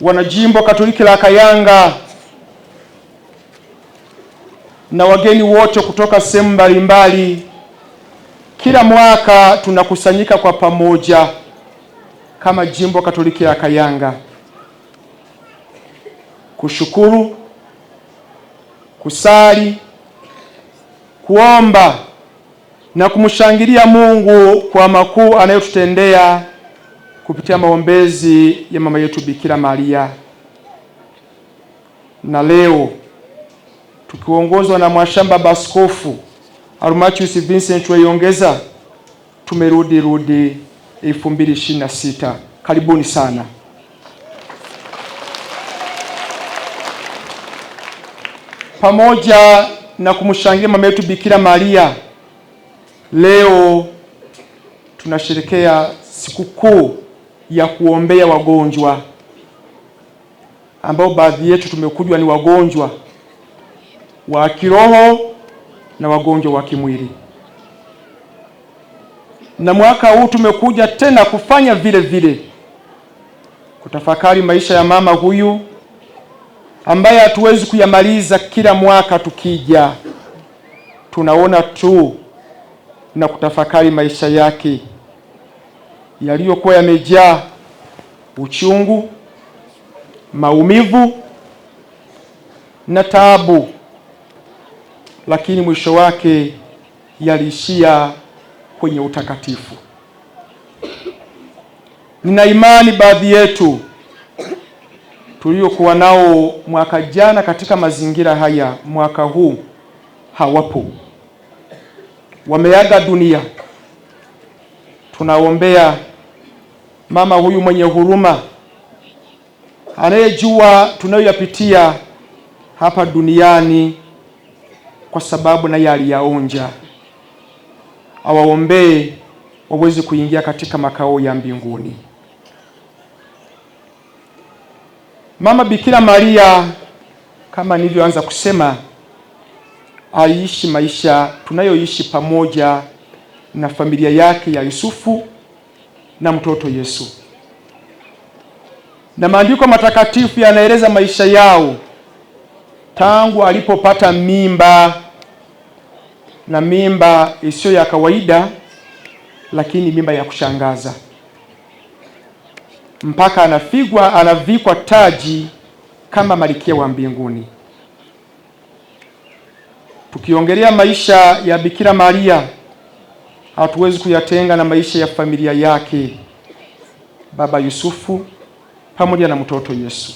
wanajimbo Katoliki la Kayanga na wageni wote kutoka sehemu mbalimbali. Kila mwaka tunakusanyika kwa pamoja kama jimbo Katoliki la Kayanga kushukuru, kusali, kuomba na kumshangilia Mungu kwa makuu anayotutendea kupitia maombezi ya mama yetu Bikira Maria, na leo tukiongozwa na mwashamba Baskofu Almatius Vincent Waiongeza, tumerudi rudi 2026. Karibuni sana. Pamoja na kumshangilia mama yetu Bikira Maria, leo tunasherekea sikukuu ya kuombea wagonjwa ambao baadhi yetu tumekujwa ni wagonjwa wa kiroho na wagonjwa wa kimwili, na mwaka huu tumekuja tena kufanya vile vile, kutafakari maisha ya mama huyu ambaye hatuwezi kuyamaliza kila mwaka tukija, tunaona tu na kutafakari maisha yake yaliyokuwa yamejaa uchungu, maumivu na taabu, lakini mwisho wake yaliishia kwenye utakatifu. Nina imani baadhi yetu tuliokuwa nao mwaka jana katika mazingira haya mwaka huu hawapo, wameaga dunia. Tunaombea mama huyu mwenye huruma anayejua tunayoyapitia hapa duniani, kwa sababu naye aliyaonja. Awaombee waweze kuingia katika makao ya mbinguni. Mama Bikira Maria, kama nilivyoanza kusema, aliishi maisha tunayoishi pamoja na familia yake ya Yusufu na mtoto Yesu, na maandiko matakatifu yanaeleza maisha yao tangu alipopata mimba, na mimba isiyo ya kawaida, lakini mimba ya kushangaza, mpaka anafigwa anavikwa taji kama malikia wa mbinguni. Tukiongelea maisha ya Bikira Maria hatuwezi kuyatenga na maisha ya familia yake baba Yusufu pamoja na mtoto Yesu.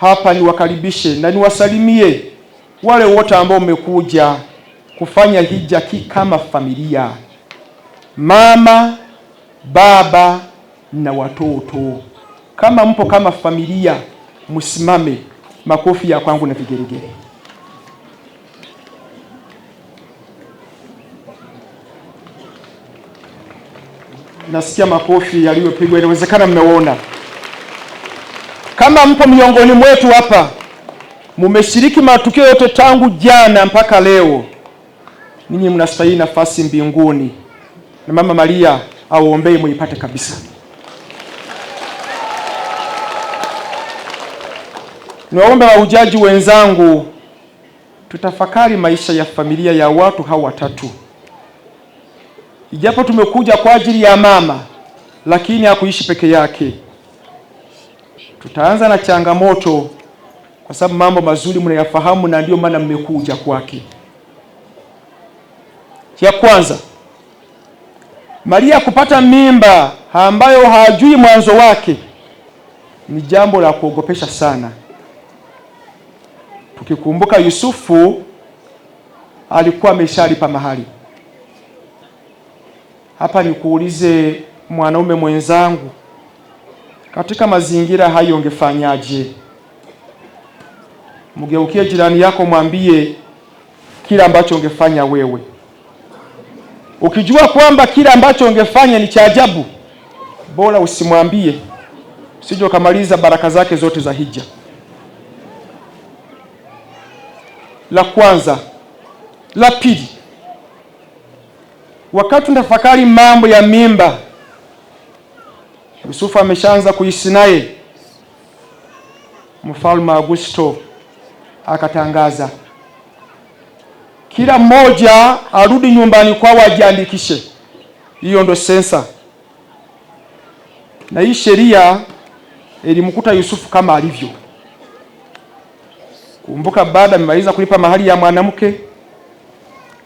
Hapa niwakaribishe na niwasalimie wale wote ambao mmekuja kufanya hija ki kama familia, mama, baba na watoto. Kama mpo kama familia, msimame, makofi ya kwangu na vigeregere. nasikia makofi yaliyopigwa, inawezekana mmeona. Kama mpo miongoni mwetu hapa mmeshiriki matukio yote tangu jana mpaka leo, ninyi mnastahili nafasi mbinguni, na Mama Maria auombee muipate kabisa. Niwaombe wahujaji wenzangu, tutafakari maisha ya familia ya watu hawa watatu. Ijapo tumekuja kwa ajili ya mama, lakini hakuishi peke yake. Tutaanza na changamoto, kwa sababu mambo mazuri mnayafahamu na ndio maana mmekuja kwake. Ya kwanza, Maria kupata mimba ambayo hajui mwanzo wake ni jambo la kuogopesha sana, tukikumbuka Yusufu alikuwa ameshalipa mahali hapa nikuulize mwanaume mwenzangu, katika mazingira hayo ungefanyaje? Mgeukie jirani yako, mwambie kila ambacho ungefanya wewe, ukijua kwamba kila ambacho ungefanya ni cha ajabu. Bora usimwambie, usije ukamaliza baraka zake zote za hija. La kwanza, la pili Wakati tunatafakari mambo ya mimba, Yusufu ameshaanza kuishi naye. Mfalme Augusto akatangaza kila mmoja arudi nyumbani kwao ajiandikishe. Hiyo ndo sensa, na hii sheria ilimkuta Yusufu kama alivyo. Kumbuka, baada amemaliza kulipa mahari ya mwanamke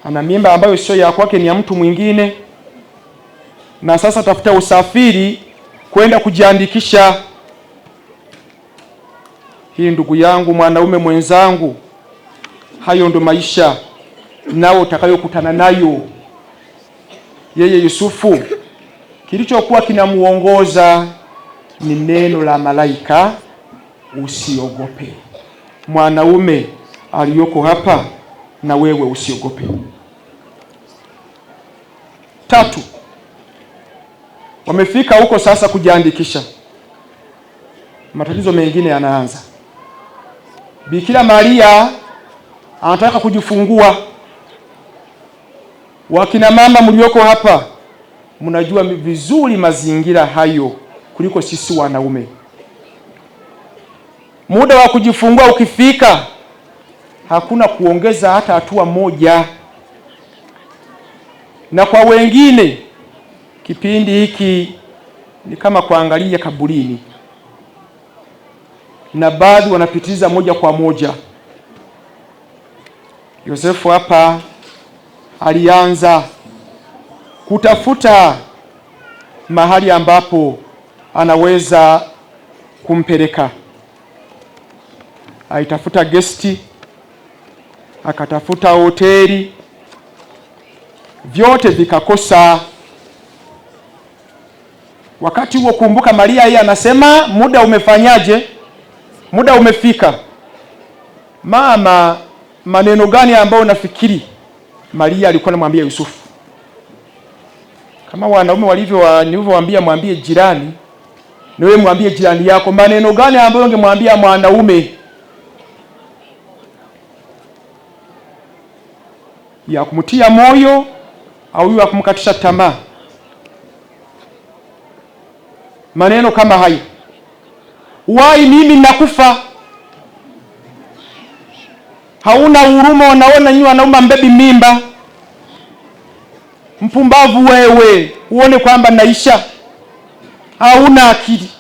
ana mimba ambayo sio ya kwake, ni ya mtu mwingine, na sasa tafuta usafiri kwenda kujiandikisha. Hii ndugu yangu, mwanaume mwenzangu, hayo ndo maisha nao utakayokutana nayo. Yeye Yusufu, kilichokuwa kinamuongoza ni neno la malaika, usiogope. Mwanaume aliyoko hapa, na wewe usiogope. Tatu, wamefika huko sasa kujiandikisha, matatizo mengine yanaanza. Bikira Maria anataka kujifungua. Wakina mama mlioko hapa mnajua vizuri mazingira hayo kuliko sisi wanaume. Muda wa kujifungua ukifika, hakuna kuongeza hata hatua moja na kwa wengine kipindi hiki ni kama kuangalia kaburini, na baadhi wanapitiliza moja kwa moja. Yosefu hapa alianza kutafuta mahali ambapo anaweza kumpeleka. Alitafuta gesti, akatafuta hoteli vyote vikakosa. Wakati huo kumbuka, Maria yeye anasema muda umefanyaje? Muda umefika. Mama, maneno gani ambayo nafikiri Maria alikuwa anamwambia Yusufu? Kama wanaume walivyo wa, nilivyowaambia mwambie jirani, na wewe mwambie jirani yako, maneno gani ambayo ungemwambia mwanaume ya kumtia moyo au huyu akumkatisha tamaa. Maneno kama hayo, wai mimi nakufa, hauna huruma. Wanaona nyinyi wanauma mbebi mimba, mpumbavu wewe, uone kwamba naisha, hauna akili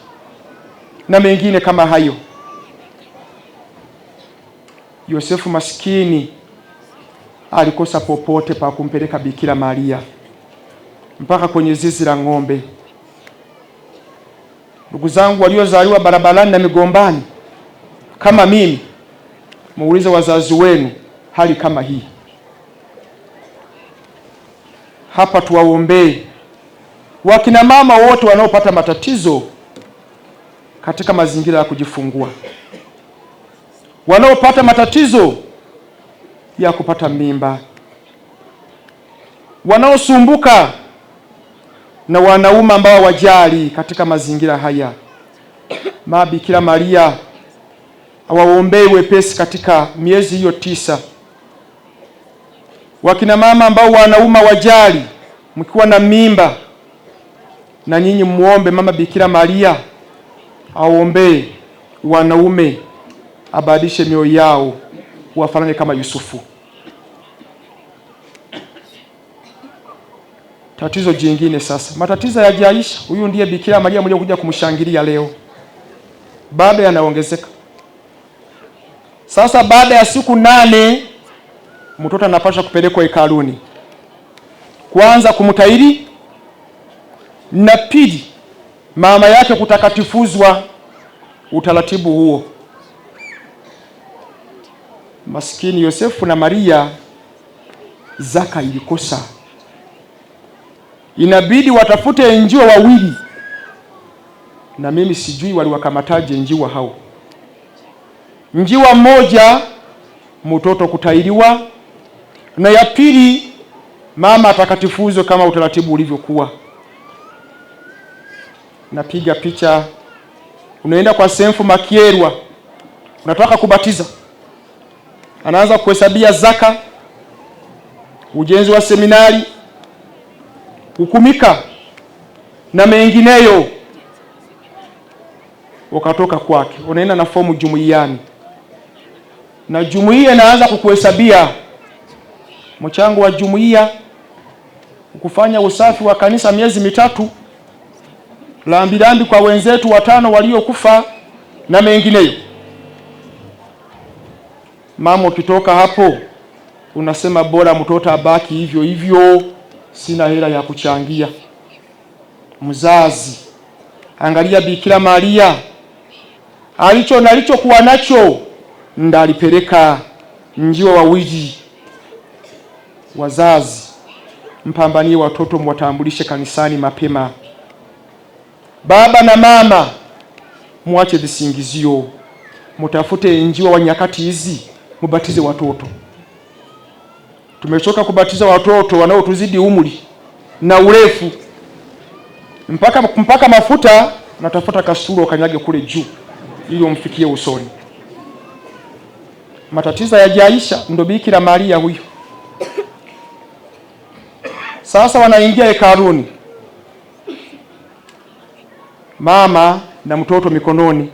na mengine kama hayo. Yosefu maskini alikosa popote pa kumpeleka Bikira Maria mpaka kwenye zizi la ng'ombe. Ndugu zangu waliozaliwa barabarani na migombani kama mimi, muulize wazazi wenu hali kama hii. Hapa tuwaombee wakina mama wote wanaopata matatizo katika mazingira ya kujifungua, wanaopata matatizo ya kupata mimba, wanaosumbuka na wanaume ambao wajali katika mazingira haya. Mabikira Maria awaombee wepesi katika miezi hiyo tisa. Wakina mama ambao wanaume wajali, mkiwa na mimba, na nyinyi muombe mama Bikira Maria awaombee wanaume, abadilishe mioyo yao wafanane kama Yusufu. Tatizo jingine sasa, matatizo yajaisha. Huyu ndiye Bikira Maria mliokuja kumshangilia leo, bado yanaongezeka. Sasa baada ya siku nane mtoto anapaswa kupelekwa hekaluni, kwanza kumtahiri na pili mama yake kutakatifuzwa. Utaratibu huo maskini Yosefu na Maria zaka ilikosa, inabidi watafute njiwa wawili, na mimi sijui waliwakamataje njiwa hao. Njiwa mmoja mtoto kutairiwa, na ya pili mama atakatifuzwe kama utaratibu ulivyokuwa. Napiga picha, unaenda kwa Senfu Makierwa, unataka kubatiza anaanza kuhesabia zaka, ujenzi wa seminari, hukumika na mengineyo, wakatoka kwake, unaenda na fomu jumuiani, na jumuiya inaanza kukuhesabia mchango wa jumuiya, kufanya usafi wa kanisa miezi mitatu, lambilambi kwa wenzetu watano waliokufa na mengineyo mama, ukitoka hapo unasema bora mtoto abaki hivyo hivyo, sina hela ya kuchangia. Mzazi, angalia Bikira Maria alicho nalichokuwa nacho ndalipeleka njiwa wawili. Wazazi, mpambanie watoto, mwatambulishe kanisani mapema. Baba na mama, mwache visingizio, mtafute njiwa wa nyakati hizi mubatize watoto. Tumechoka kubatiza watoto wanaotuzidi umri na urefu, mpaka mpaka mafuta natafuta kasuru kanyage kule juu ili umfikie usoni. Matatizo yajaisha, ndo Bikira Maria huyo. Sasa wanaingia hekaluni, mama na mtoto mikononi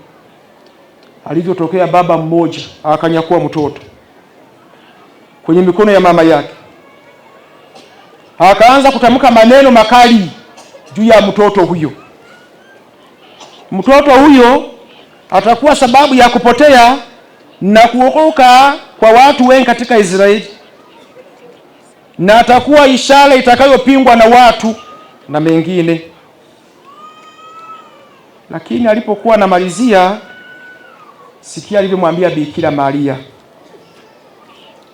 alivyotokea baba mmoja akanyakua mtoto kwenye mikono ya mama yake, akaanza kutamka maneno makali juu ya mtoto huyo. Mtoto huyo atakuwa sababu ya kupotea na kuokoka kwa watu wengi katika Israeli, na atakuwa ishara itakayopingwa na watu na mengine. Lakini alipokuwa anamalizia Sikia alivyomwambia Bikira Maria,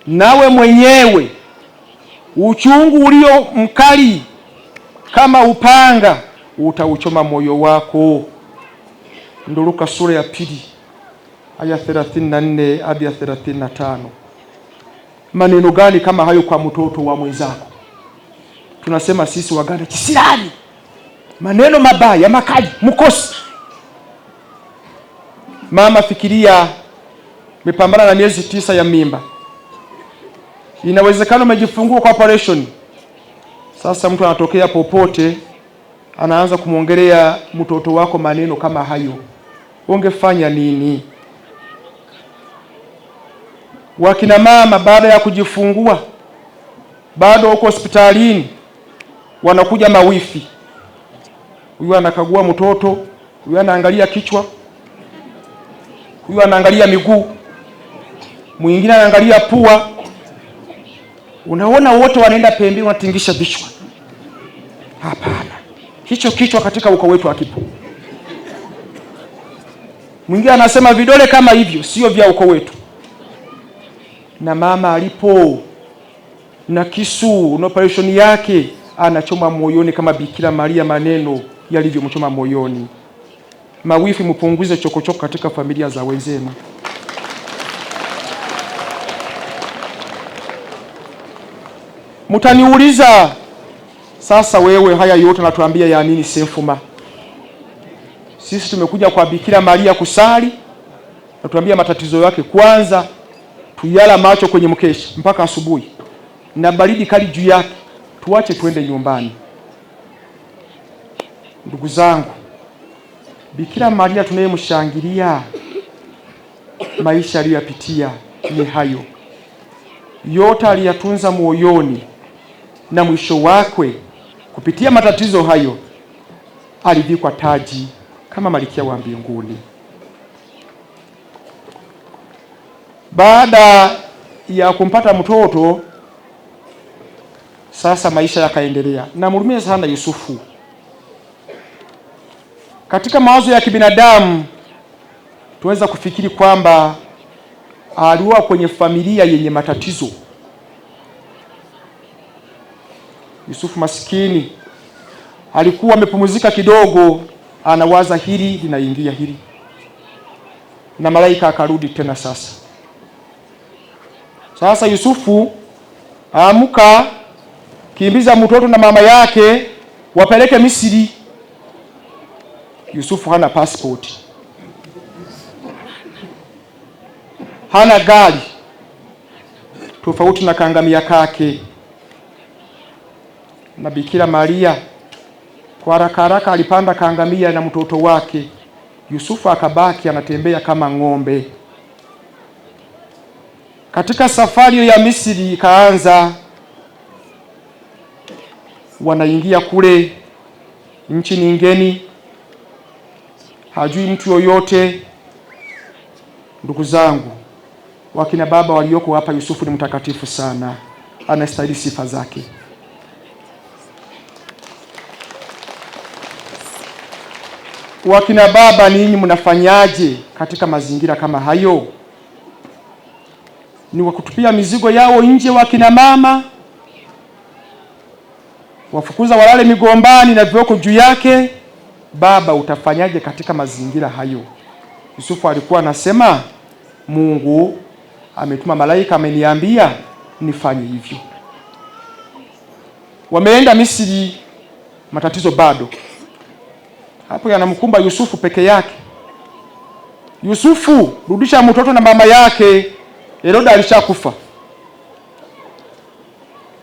nawe mwenyewe uchungu ulio mkali kama upanga utauchoma moyo wako. Ndo Luka sura ya pili aya 34 hadi 35. Maneno gani kama hayo kwa mtoto wa mwenzako? Tunasema sisi Waganda kisirani, maneno mabaya makali, mkosi Mama, fikiria mepambana na miezi tisa ya mimba, inawezekana umejifungua kwa operation. Sasa mtu anatokea popote anaanza kumwongelea mtoto wako maneno kama hayo, ungefanya nini? Wakina mama baada ya kujifungua bado huko hospitalini, wanakuja mawifi, huyu anakagua mtoto, huyu anaangalia kichwa huyu anaangalia miguu, mwingine anaangalia pua. Unaona, wote wanaenda pembeni, wanatingisha vichwa. Hapana, hicho kichwa katika ukoo wetu hakipo. Mwingine anasema vidole kama hivyo sio vya ukoo wetu, na mama alipo na kisu na operesheni yake, anachoma moyoni kama Bikira Maria maneno yalivyomchoma moyoni. Mawifi, mpunguze chokochoko katika familia za wenzenu. Mtaniuliza sasa, wewe haya yote natuambia ya nini Sefuma? Sisi tumekuja kwa Bikira Maria kusali, natuambia matatizo yake kwanza tuyala macho kwenye mkesha mpaka asubuhi na baridi kali juu yake, tuache tuende nyumbani. Ndugu zangu Bikira Maria tunayemshangilia maisha aliyoyapitia ni hayo yote aliyatunza moyoni, na mwisho wake kupitia matatizo hayo alivikwa taji kama malikia wa mbinguni. Baada ya kumpata mtoto, sasa maisha yakaendelea. Namhurumia sana Yusufu. Katika mawazo ya kibinadamu tunaweza kufikiri kwamba aliwa kwenye familia yenye matatizo. Yusufu maskini alikuwa amepumzika kidogo, anawaza hili linaingia hili, na malaika akarudi tena. Sasa sasa Yusufu amka, kimbiza mtoto na mama yake, wapeleke Misri. Yusufu hana passport, hana gari tofauti na kangamia kake, na Bikira Maria kwa haraka haraka alipanda kangamia na mtoto wake Yusufu akabaki anatembea kama ng'ombe. Katika safari ya Misri ikaanza, wanaingia kule nchi nyingeni, hajui mtu yoyote. Ndugu zangu, wakina baba walioko hapa, Yusufu ni mtakatifu sana, anastahili sifa zake. Wakina baba, ninyi mnafanyaje katika mazingira kama hayo? Ni wakutupia mizigo yao nje wakina mama, wafukuza walale migombani na vioko juu yake Baba, utafanyaje katika mazingira hayo? Yusufu alikuwa anasema Mungu ametuma malaika, ameniambia nifanye hivyo. Wameenda Misri, matatizo bado hapo yanamkumba Yusufu peke yake. Yusufu, rudisha mtoto na mama yake, Herode alishakufa.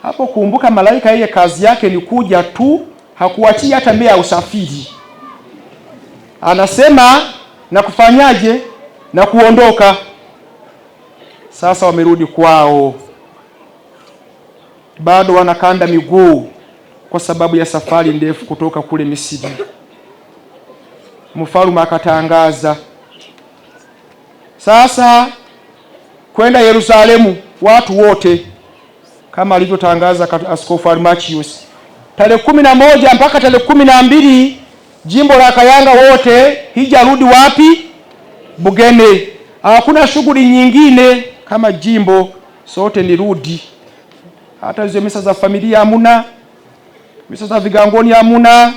Hapo kumbuka, malaika yeye kazi yake ni kuja tu, hakuachia hata mbea ya usafiri anasema na kufanyaje na kuondoka. Sasa wamerudi kwao, bado wanakanda miguu kwa sababu ya safari ndefu kutoka kule Misri. Mfalme akatangaza sasa kwenda Yerusalemu watu wote, kama alivyotangaza Askofu Almachius tarehe kumi na moja mpaka tarehe kumi na mbili Jimbo la Kayanga wote hijarudi wapi? Bugene. Hakuna shughuli nyingine kama jimbo, sote ni rudi. Hata hizo misa za familia hamuna, misa za vigangoni hamuna,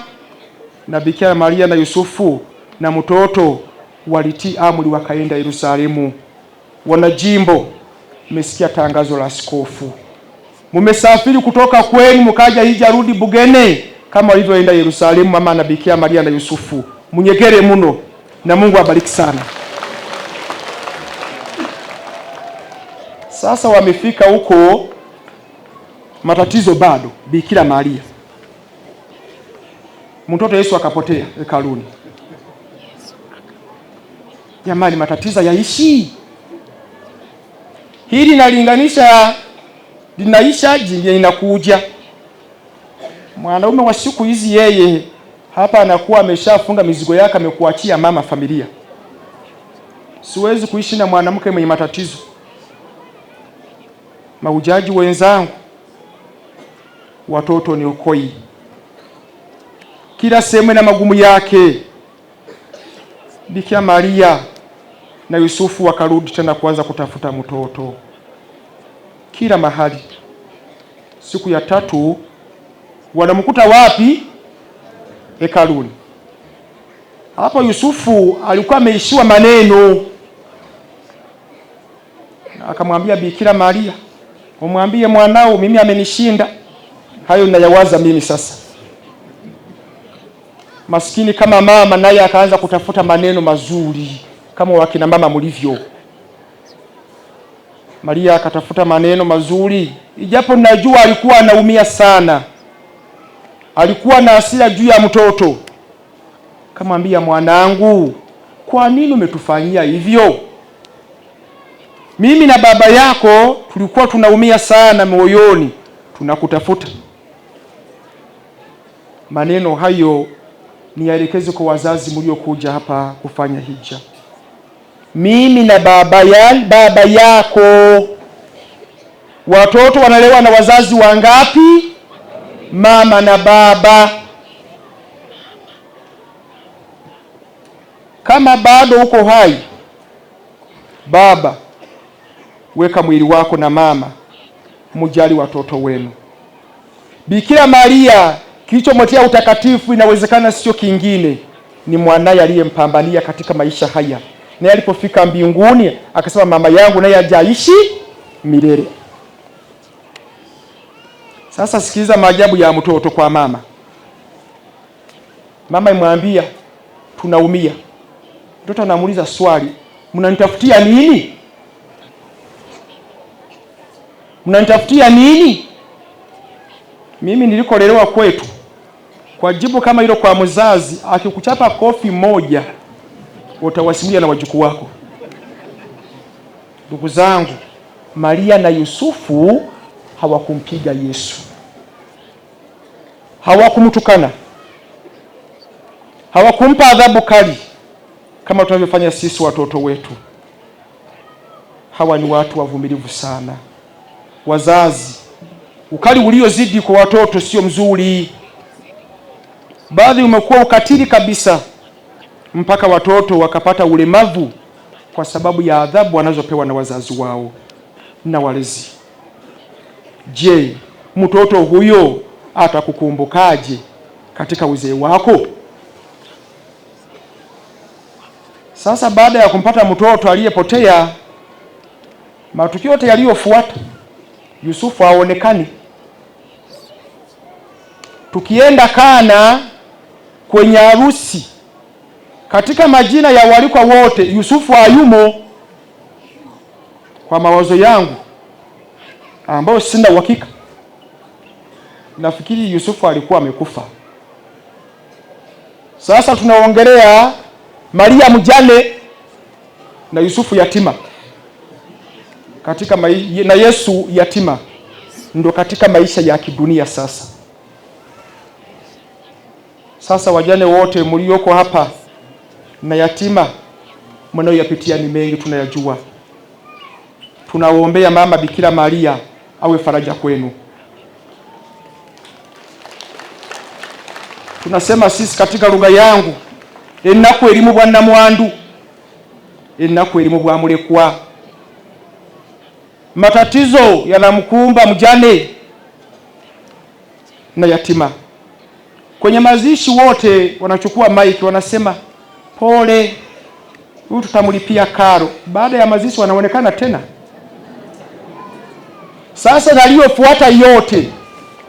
na Bikira Maria na Yusufu na mtoto walitii amri wakaenda Yerusalemu. jimbo, mmesikia tangazo la askofu, mmesafiri kutoka kwenu mkaja hijarudi Bugene kama walivyoenda Yerusalemu mama anabikia Maria na Yusufu. Munyegere muno na Mungu abariki sana. Sasa wamefika huko, matatizo bado. Bikira Maria mtoto Yesu akapotea hekaluni. Jamani, matatizo yaishi. Hili nalinganisha linaisha, jingine inakuja. Mwanaume wa siku hizi yeye hapa anakuwa ameshafunga mizigo yake, amekuachia mama familia. Siwezi kuishi na mwanamke mwenye matatizo. Maujaji wenzangu, watoto ni ukoi, kila sehemu na magumu yake. bikia Maria na Yusufu wakarudi tena kuanza kutafuta mtoto kila mahali. Siku ya tatu wanamkuta wapi? Hekaluni. Hapo Yusufu alikuwa ameishiwa maneno, akamwambia Bikira Maria, umwambie mwanao mimi amenishinda hayo nayawaza mimi sasa. Maskini kama mama naye akaanza kutafuta maneno mazuri kama wakina mama mlivyo. Maria akatafuta maneno mazuri, ijapo najua alikuwa anaumia sana, alikuwa na hasira juu ya mtoto, kamwambia, mwanangu, kwa nini umetufanyia hivyo? Mimi na baba yako tulikuwa tunaumia sana moyoni, tunakutafuta. Maneno hayo ni yaelekeze kwa wazazi mliokuja hapa kufanya hija. Mimi na baba, ya, baba yako, watoto wanalewa na wazazi wangapi? mama na baba. Kama bado uko hai, baba, weka mwili wako na mama, mujali watoto wenu. Bikira Maria kilichomwetea utakatifu, inawezekana sio kingine, ni mwanaye aliyempambania katika maisha haya, naye alipofika mbinguni akasema, mama yangu naye ajaishi milele. Sasa sikiliza maajabu ya mtoto kwa mama. Mama imwambia tunaumia, mtoto anamuuliza swali, mnanitafutia nini? Mnanitafutia nini? Mimi nilikolelewa kwetu, kwa jibu kama hilo kwa mzazi, akikuchapa kofi moja utawasimulia na wajukuu wako. Ndugu zangu, Maria na Yusufu hawakumpiga Yesu, hawakumtukana, hawakumpa adhabu kali kama tunavyofanya sisi watoto wetu. Hawa ni watu wavumilivu sana. Wazazi, ukali uliozidi kwa watoto sio mzuri. Baadhi umekuwa ukatili kabisa, mpaka watoto wakapata ulemavu kwa sababu ya adhabu wanazopewa na wazazi wao na walezi. Je, mtoto huyo atakukumbukaje katika uzee wako? Sasa baada ya kumpata mtoto aliyepotea, matukio yote yaliyofuata, Yusufu haonekani. Tukienda Kana kwenye harusi, katika majina ya walikwa wote Yusufu hayumo. Kwa mawazo yangu ambayo sina uhakika. Nafikiri Yusufu alikuwa amekufa. Sasa tunaongelea Maria mjane na Yusufu yatima katika mai, na Yesu yatima ndo katika maisha ya kidunia sasa. Sasa wajane wote mlioko hapa na yatima mnayoyapitia ni mengi, tunayajua. Tunaombea mama Bikira Maria awe faraja kwenu. Tunasema sisi katika lugha yangu enaku elimu bwa nnamwandu ennaku elimu bwa mulekwa. Matatizo yanamkumba mjane na yatima. Kwenye mazishi wote wanachukua maiki, wanasema pole, huyu tutamlipia karo. Baada ya mazishi wanaonekana tena. Sasa naliyofuata yote,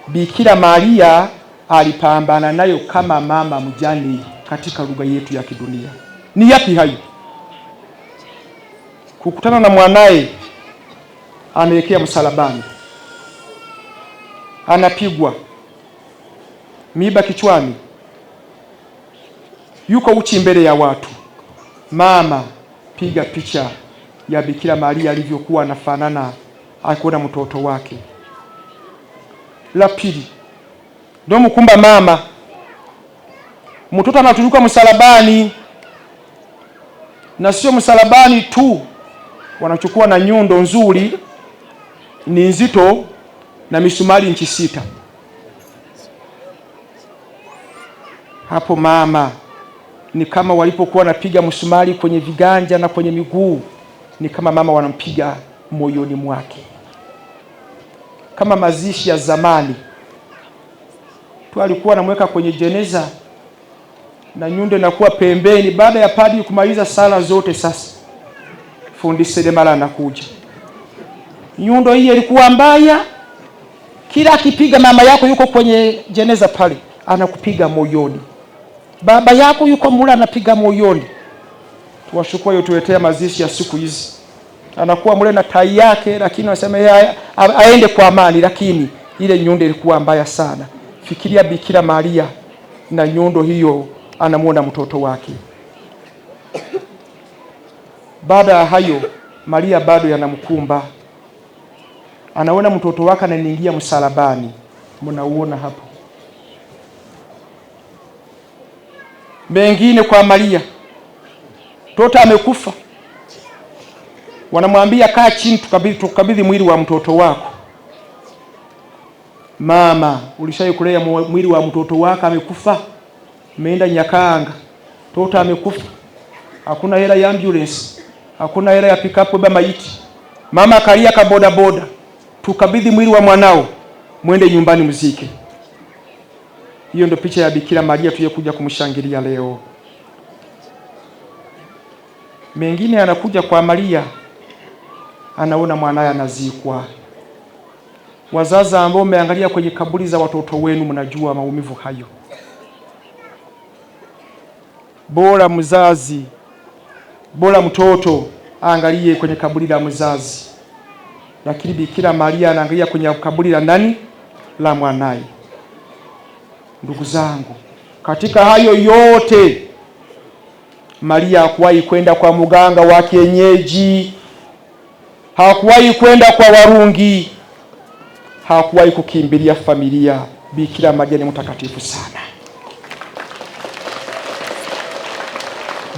Bikira Maria alipambana nayo kama mama mjane katika lugha yetu ya kidunia. Ni yapi hayo? Kukutana na mwanaye anaelekea msalabani, anapigwa miba kichwani, yuko uchi mbele ya watu. Mama, piga picha ya Bikira Maria alivyokuwa anafanana akiona mtoto wake. La pili ndio mkumba mama, mtoto anatunuka msalabani, na sio msalabani tu, wanachukua na nyundo nzuri ni nzito na misumari inchi sita. Hapo mama ni kama walipokuwa wanapiga msumari kwenye viganja na kwenye miguu, ni kama mama wanampiga moyoni mwake kama mazishi ya zamani tu, alikuwa anamweka kwenye jeneza na nyundo inakuwa pembeni. Baada ya padi kumaliza sala zote, sasa fundi seremala anakuja. Nyundo hii ilikuwa mbaya, kila akipiga mama yako yuko kwenye jeneza pale, anakupiga moyoni, baba yako yuko mula, anapiga moyoni. Tuwashukuru tuletea mazishi ya siku hizi anakuwa mle na tai yake, lakini anasema yeye aende kwa amani, lakini ile nyundo ilikuwa mbaya sana. Fikiria Bikira Maria na nyundo hiyo, anamwona mtoto wake. Baada ya hayo, Maria bado yanamkumba, anaona mtoto wake ananiingia msalabani. Mnauona hapo mengine kwa Maria, mtoto amekufa wanamwambia kaa chini, tukabidhi mwili wa mtoto wako. Mama, ulishai kulea mwili wa mtoto wako amekufa? Umeenda Nyakanga, mtoto amekufa, hakuna hela ya ambulance, hakuna hela ya pikapu ba maiti. Mama akalia kaboda boda, tukabidhi mwili wa mwanao, mwende nyumbani mzike. Hiyo ndio picha ya Bikira Maria tuliyekuja kumshangilia leo. Mengine anakuja kwa Maria anaona mwanaye anazikwa. Wazazi ambao mmeangalia kwenye kaburi za watoto wenu, mnajua maumivu hayo. Bora mzazi, bora mtoto aangalie kwenye kaburi la mzazi, lakini Bikira Maria anaangalia kwenye kaburi la nani? La mwanaye. Ndugu zangu, katika hayo yote Maria hakuwahi kwenda kwa mganga wa kienyeji hakuwahi kwenda kwa warungi, hakuwahi kukimbilia familia. Bikira Maria ni mtakatifu sana.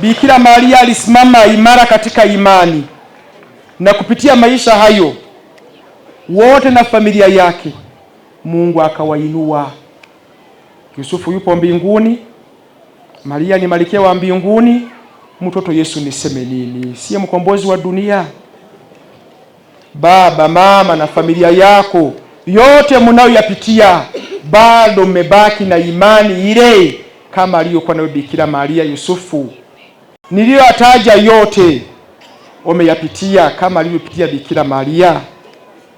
Bikira Maria alisimama imara katika imani, na kupitia maisha hayo wote na familia yake Mungu akawainua. Yusufu yupo mbinguni, Maria ni malikia wa mbinguni, mtoto Yesu niseme nini? Siye mkombozi wa dunia baba, mama na familia yako, yote mnayoyapitia, bado mmebaki na imani ile kama aliyokuwa nayo Bikira Maria. Yusufu, niliyoyataja yote umeyapitia kama alivyopitia Bikira Maria.